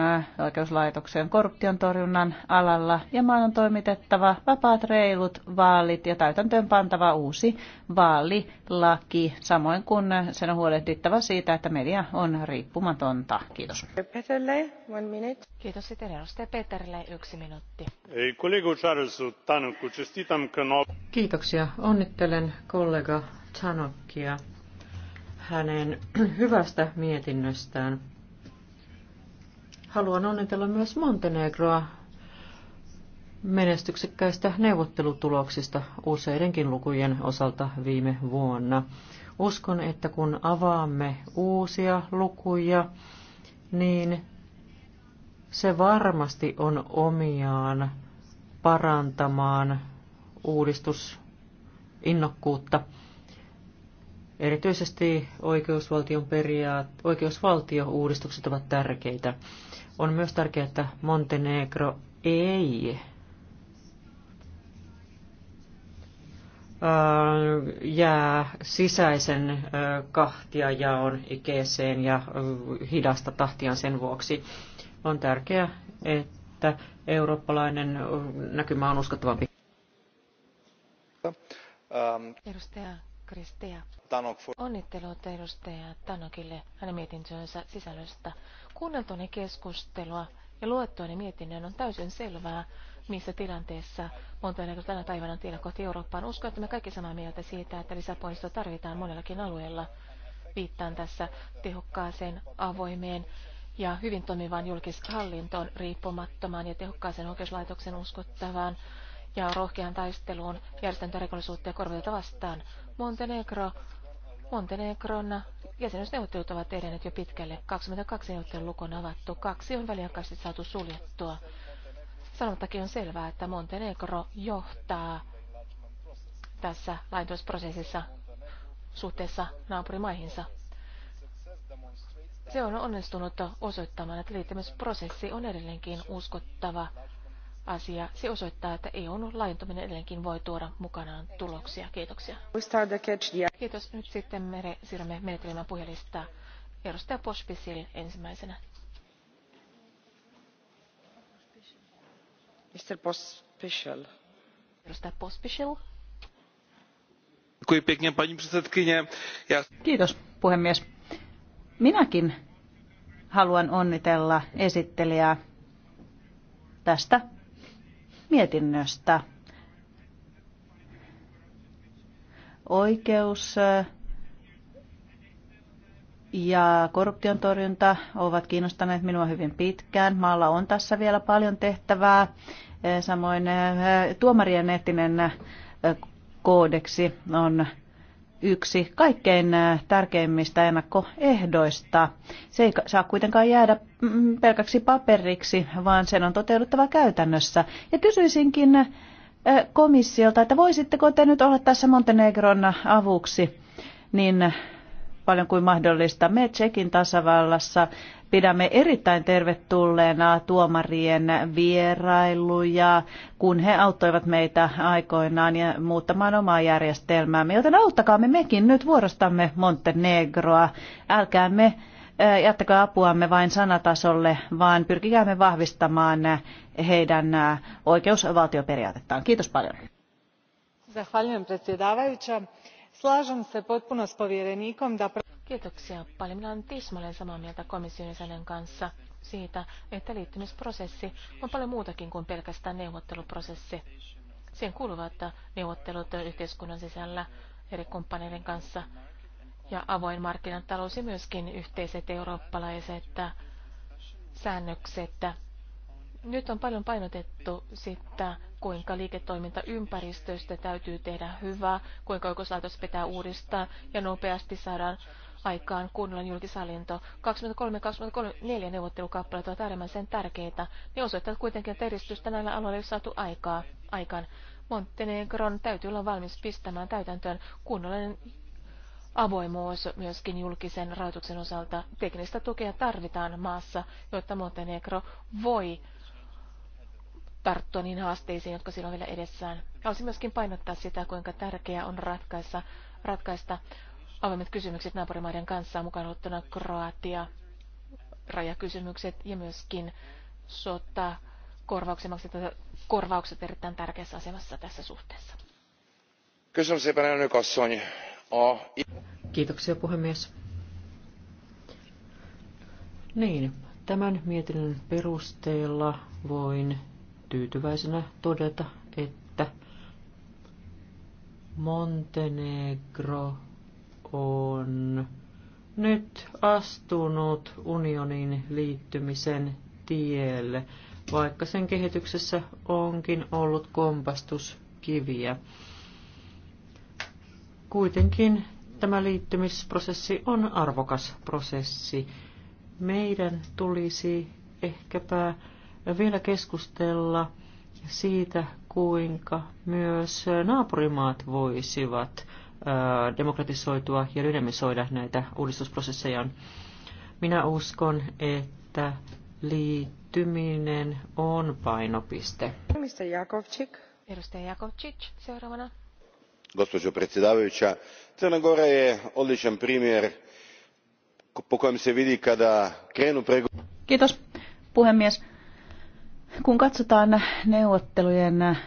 oikeuslaitoksen korruption torjunnan alalla ja maan on toimitettava vapaat reilut vaalit ja täytäntöön pantava uusi vaalilaki, samoin kuin sen on huolehdittava siitä, että media on riippumatonta. Kiitos. Peterle, one minute. Kiitos sitten edustaja Peterille, yksi minuutti. Kiitoksia. Onnittelen kollega Tanokia hänen hyvästä mietinnöstään. Haluan onnitella myös Montenegroa menestyksekkäistä neuvottelutuloksista useidenkin lukujen osalta viime vuonna. Uskon, että kun avaamme uusia lukuja, niin se varmasti on omiaan parantamaan uudistusinnokkuutta. Erityisesti oikeusvaltion periaat, oikeusvaltio-uudistukset ovat tärkeitä. On myös tärkeää, että Montenegro ei jää sisäisen kahtia ja on ikeeseen ja hidasta tahtia sen vuoksi. On tärkeää, että eurooppalainen näkymä on uskottavampi. Edustaja Kristia. Onnittelut edustaja Tanokille hänen mietintönsä sisällöstä. Kuunneltuani keskustelua ja luettuani mietinnön on täysin selvää, missä tilanteessa Montenegro tänä päivänä on tiellä kohti Eurooppaan. Uskon, että me kaikki samaa mieltä siitä, että lisäpoistoa tarvitaan monellakin alueella. Viittaan tässä tehokkaaseen, avoimeen ja hyvin toimivaan julkishallintoon, riippumattomaan ja tehokkaaseen oikeuslaitoksen uskottavaan ja rohkean taisteluun järjestäntörikollisuutta ja korvata vastaan. Montenegro, Montenegrona Jäsenyysneuvottelut ovat edenneet jo pitkälle. 22 neuvottelun lukon avattu. Kaksi on väliaikaisesti saatu suljettua. Sanomattakin on selvää, että Montenegro johtaa tässä laitosprosessissa suhteessa naapurimaihinsa. Se on onnistunut osoittamaan, että liittymisprosessi on edelleenkin uskottava asia. Se osoittaa, että EUn laajentuminen edelleenkin voi tuoda mukanaan tuloksia. Kiitoksia. Kiitos. Nyt sitten me siirrymme menetelmän puhelista. Edustaja Pospisil ensimmäisenä. Mr. Pospisil. Edustaja Pospisil. Kiitos puhemies. Minäkin haluan onnitella esittelijää tästä mietinnöstä. Oikeus ja korruption torjunta ovat kiinnostaneet minua hyvin pitkään. Maalla on tässä vielä paljon tehtävää. Samoin tuomarien eettinen koodeksi on yksi kaikkein tärkeimmistä ennakkoehdoista. Se ei saa kuitenkaan jäädä mm, mm, pelkäksi paperiksi, vaan sen on toteuduttava käytännössä. Ja kysyisinkin komissiolta, että voisitteko te nyt olla tässä Montenegron avuksi niin paljon kuin mahdollista. Me Tsekin tasavallassa pidämme erittäin tervetulleena tuomarien vierailuja, kun he auttoivat meitä aikoinaan ja muuttamaan omaa järjestelmäämme. Joten auttakaamme mekin nyt vuorostamme Montenegroa. Älkäämme eh, jättäkö apuamme vain sanatasolle, vaan pyrkikäämme vahvistamaan heidän eh, oikeusvaltioperiaatettaan. Kiitos paljon. Zahvaljujem predsjedavajuća. Slažem se potpuno s povjerenikom da Kiitoksia paljon. Minä olen tismalleen samaa mieltä komission jäsenen kanssa siitä, että liittymisprosessi on paljon muutakin kuin pelkästään neuvotteluprosessi. Siihen kuuluvat neuvottelut yhteiskunnan sisällä eri kumppaneiden kanssa ja avoin markkinatalous ja myöskin yhteiset eurooppalaiset säännökset. Nyt on paljon painotettu sitä, kuinka liiketoimintaympäristöstä täytyy tehdä hyvää, kuinka oikeuslaitos pitää uudistaa ja nopeasti saadaan aikaan kunnollinen julkisalinto. 23-24 neuvottelukappaleet ovat äärimmäisen tärkeitä. Ne osoittavat kuitenkin, että edistystä näillä alueilla ei saatu aikaa, aikaan. Montenegron täytyy olla valmis pistämään täytäntöön kunnollinen avoimuus myöskin julkisen rahoituksen osalta. Teknistä tukea tarvitaan maassa, jotta Montenegro voi tarttua niin haasteisiin, jotka sillä on vielä edessään. Haluaisin myöskin painottaa sitä, kuinka tärkeää on ratkaista, ratkaista avoimet kysymykset naapurimaiden kanssa, mukaan ottuna Kroatia, rajakysymykset ja myöskin sota, korvaukset, korvaukset erittäin tärkeässä asemassa tässä suhteessa. Kiitoksia puhemies. Niin, tämän mietinnön perusteella voin tyytyväisenä todeta, että Montenegro on nyt astunut unionin liittymisen tielle, vaikka sen kehityksessä onkin ollut kompastuskiviä. Kuitenkin tämä liittymisprosessi on arvokas prosessi. Meidän tulisi ehkäpä vielä keskustella siitä, kuinka myös naapurimaat voisivat demokratisoitua ja dynamisoida näitä uudistusprosesseja. Minä uskon, että liittyminen on painopiste. Mr. Jakovčić. Edustaja Jakovčić seuraavana. Gospođo predsjedavajuća, Crna Gora je odličan primjer po kojem se vidi kada krenu pregovori. Kiitos puhemies. Kun katsotaan neuvottelujen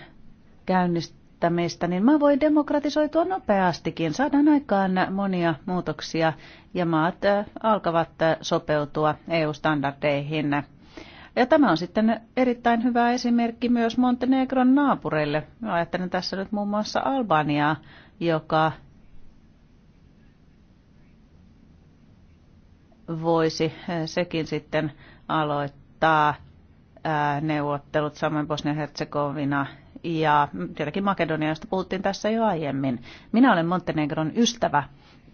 käynnistä, kehittämistä, niin maa voi demokratisoitua nopeastikin. Saadaan aikaan monia muutoksia ja maat äh, alkavat äh, sopeutua EU-standardeihin. Ja tämä on sitten erittäin hyvä esimerkki myös Montenegron naapureille. Mä ajattelen tässä nyt muun muassa Albaniaa, joka voisi äh, sekin sitten aloittaa neuvottelut samoin Bosnia-Herzegovina ja tietenkin Makedoniasta puhuttiin tässä jo aiemmin. Minä olen Montenegron ystävä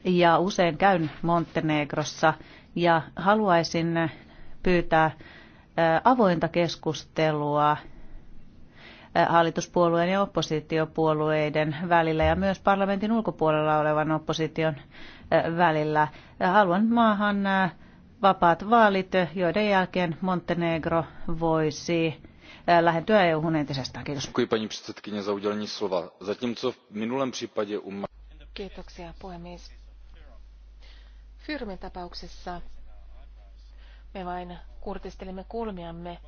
ja usein käyn Montenegrossa ja haluaisin pyytää avointa keskustelua hallituspuolueen ja oppositiopuolueiden välillä ja myös parlamentin ulkopuolella olevan opposition välillä. Haluan maahan vapaat vaalit, joiden jälkeen Montenegro voisi Eh, lähentyä eu entisestään. Kiitos. Kiitoksia puhemies. Fyrmin tapauksessa me vain kurtistelimme kulmiamme,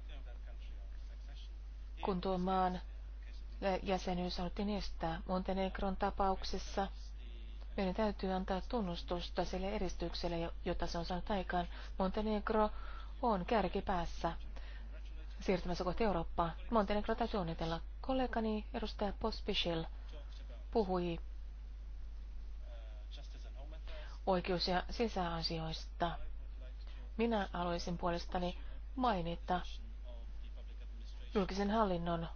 kun tuo maan eh, jäsenyys haluttiin estää. Montenegron tapauksessa meidän täytyy antaa tunnustusta sille eristykselle, jota se on saanut aikaan. Montenegro on kärkipäässä siirtymässä kohti Eurooppaa. täytyy suunnitella. Kollegani edustaja Pospisil puhui oikeus- ja sisäasioista. Minä haluaisin puolestani mainita julkisen hallinnon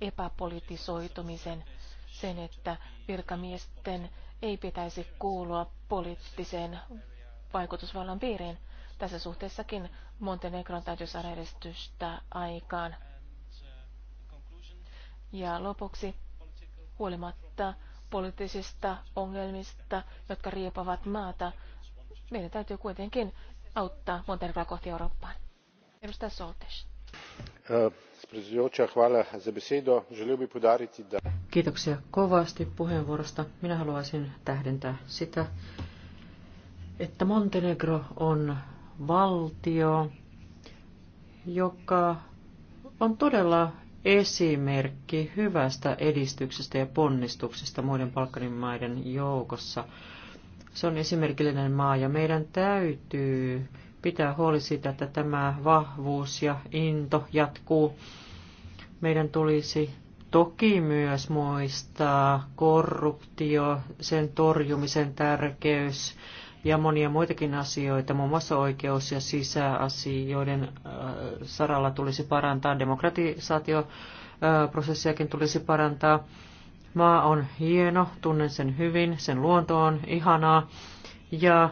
epäpolitisoitumisen, sen, että virkamiesten ei pitäisi kuulua poliittiseen vaikutusvallan piiriin. Tässä suhteessakin Montenegron täytyy saada edistystä aikaan. Ja lopuksi, huolimatta poliittisista ongelmista, jotka riepavat maata, meidän täytyy kuitenkin auttaa Montenegroa kohti Eurooppaa. Edustaja Soltes. Kiitoksia kovasti puheenvuorosta. Minä haluaisin tähdentää sitä, että Montenegro on valtio, joka on todella esimerkki hyvästä edistyksestä ja ponnistuksesta muiden Balkanin maiden joukossa. Se on esimerkillinen maa ja meidän täytyy pitää huoli siitä, että tämä vahvuus ja into jatkuu. Meidän tulisi toki myös muistaa korruptio, sen torjumisen tärkeys, ja monia muitakin asioita, muun muassa oikeus- ja sisäasioiden äh, saralla tulisi parantaa, demokratisaatioprosessiakin tulisi parantaa. Maa on hieno, tunnen sen hyvin, sen luonto on ihanaa ja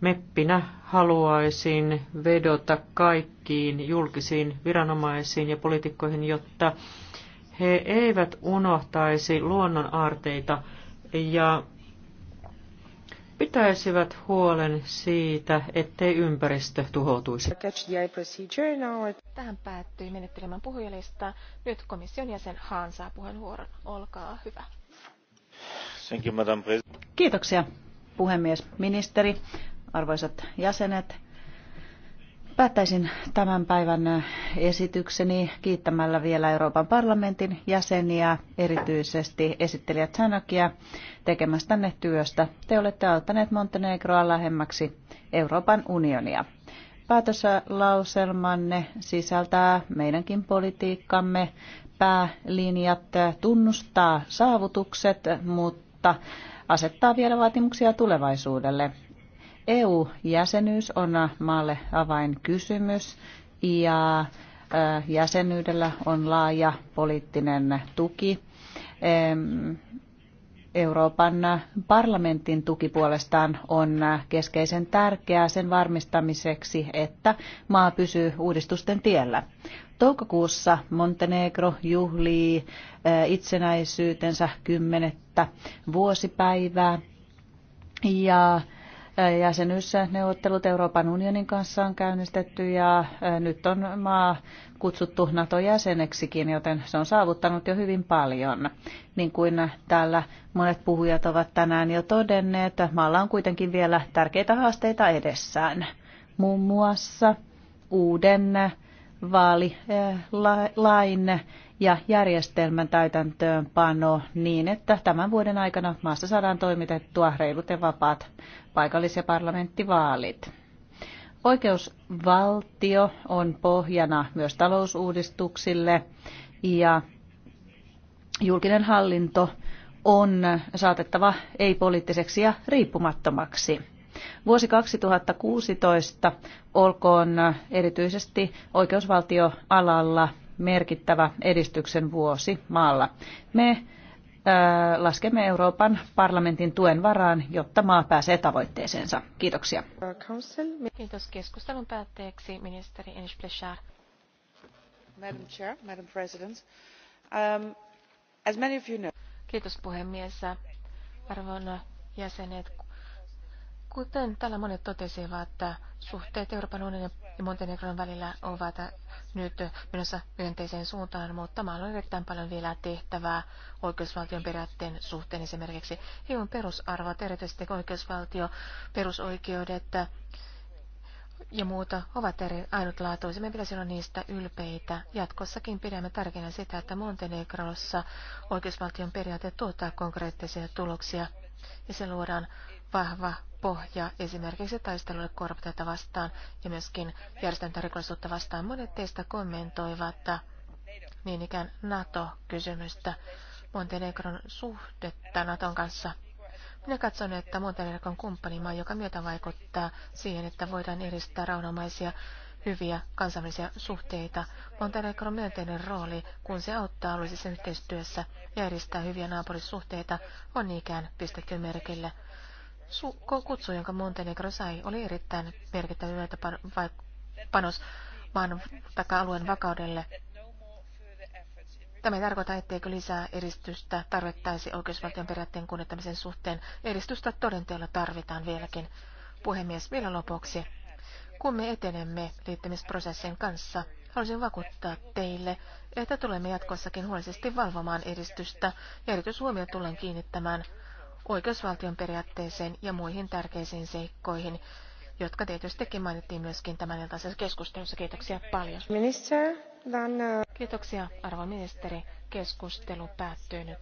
meppinä haluaisin vedota kaikkiin julkisiin viranomaisiin ja poliitikkoihin, jotta he eivät unohtaisi luonnon aarteita ja pitäisivät huolen siitä, ettei ympäristö tuhoutuisi. Tähän päättyi menettelemään puhujalista. Nyt komission jäsen Haan saa puheenvuoron. Olkaa hyvä. Kiitoksia, puhemies, ministeri, arvoisat jäsenet. Päättäisin tämän päivän äh, esitykseni kiittämällä vielä Euroopan parlamentin jäseniä, erityisesti esittelijä Tsanakia tekemästänne työstä. Te olette auttaneet Montenegroa lähemmäksi Euroopan unionia. Päätöslauselmanne sisältää meidänkin politiikkamme päälinjat, äh, tunnustaa saavutukset, mutta asettaa vielä vaatimuksia tulevaisuudelle. EU-jäsenyys on maalle avainkysymys ja jäsenyydellä on laaja poliittinen tuki. Euroopan parlamentin tuki puolestaan on keskeisen tärkeää sen varmistamiseksi, että maa pysyy uudistusten tiellä. Toukokuussa Montenegro juhlii itsenäisyytensä kymmenettä vuosipäivää ja jäsenyysneuvottelut Euroopan unionin kanssa on käynnistetty ja nyt on maa kutsuttu NATO-jäseneksikin, joten se on saavuttanut jo hyvin paljon. Niin kuin täällä monet puhujat ovat tänään jo todenneet, maalla on kuitenkin vielä tärkeitä haasteita edessään. Muun muassa uuden vaalilain ja järjestelmän täytäntöönpano niin, että tämän vuoden aikana maassa saadaan toimitettua reilut ja vapaat paikallis- ja parlamenttivaalit. Oikeusvaltio on pohjana myös talousuudistuksille ja julkinen hallinto on saatettava ei-poliittiseksi ja riippumattomaksi. Vuosi 2016 olkoon erityisesti oikeusvaltioalalla merkittävä edistyksen vuosi maalla. Me laskemme Euroopan parlamentin tuen varaan, jotta maa pääsee tavoitteeseensa. Kiitoksia. Kiitos keskustelun päätteeksi ministeri Enish Plechard. Madam Chair, Madam President, um, as many of you know... Kiitos puhemies. Arvon jäsenet, kuten täällä monet totesivat, suhteet Euroopan unionin ja Montenegron välillä ovat nyt menossa myönteiseen suuntaan, mutta maalla on erittäin paljon vielä tehtävää oikeusvaltion periaatteen suhteen esimerkiksi. EUn perusarvot, erityisesti oikeusvaltio, perusoikeudet ja muuta ovat eri ainutlaatuisia. Me pitäisi olla niistä ylpeitä. Jatkossakin pidämme tärkeänä sitä, että Montenegrossa oikeusvaltion periaate tuottaa konkreettisia tuloksia ja se luodaan vahva pohja esimerkiksi taistelulle korruptiota vastaan ja myöskin järjestäytyntä rikollisuutta vastaan. Monet teistä kommentoivat niin ikään NATO-kysymystä, Montenegron suhdetta NATOn kanssa. Minä katson, että Montenegro on kumppanimaa, joka myötä vaikuttaa siihen, että voidaan edistää raunomaisia hyviä kansainvälisiä suhteita. Montenegro on myönteinen rooli, kun se auttaa alueellisessa yhteistyössä ja edistää hyviä naapurisuhteita, on ikään pistetty merkille kutsu, jonka Montenegro sai, oli erittäin merkittävä panos maan taka alueen vakaudelle. Tämä ei tarkoita, etteikö lisää edistystä tarvittaisi oikeusvaltion periaatteen kunnittamisen suhteen. Edistystä todenteella tarvitaan vieläkin. Puhemies, vielä lopuksi. Kun me etenemme liittymisprosessin kanssa, haluaisin vakuuttaa teille, että tulemme jatkossakin huolellisesti valvomaan edistystä ja erityishuomio tullaan kiinnittämään oikeusvaltion periaatteeseen ja muihin tärkeisiin seikkoihin, jotka tietystikin mainittiin myöskin tämän iltaisessa keskustelussa. Kiitoksia paljon. Minister, then, uh... Kiitoksia, arvoministeri. Keskustelu päättyy nyt.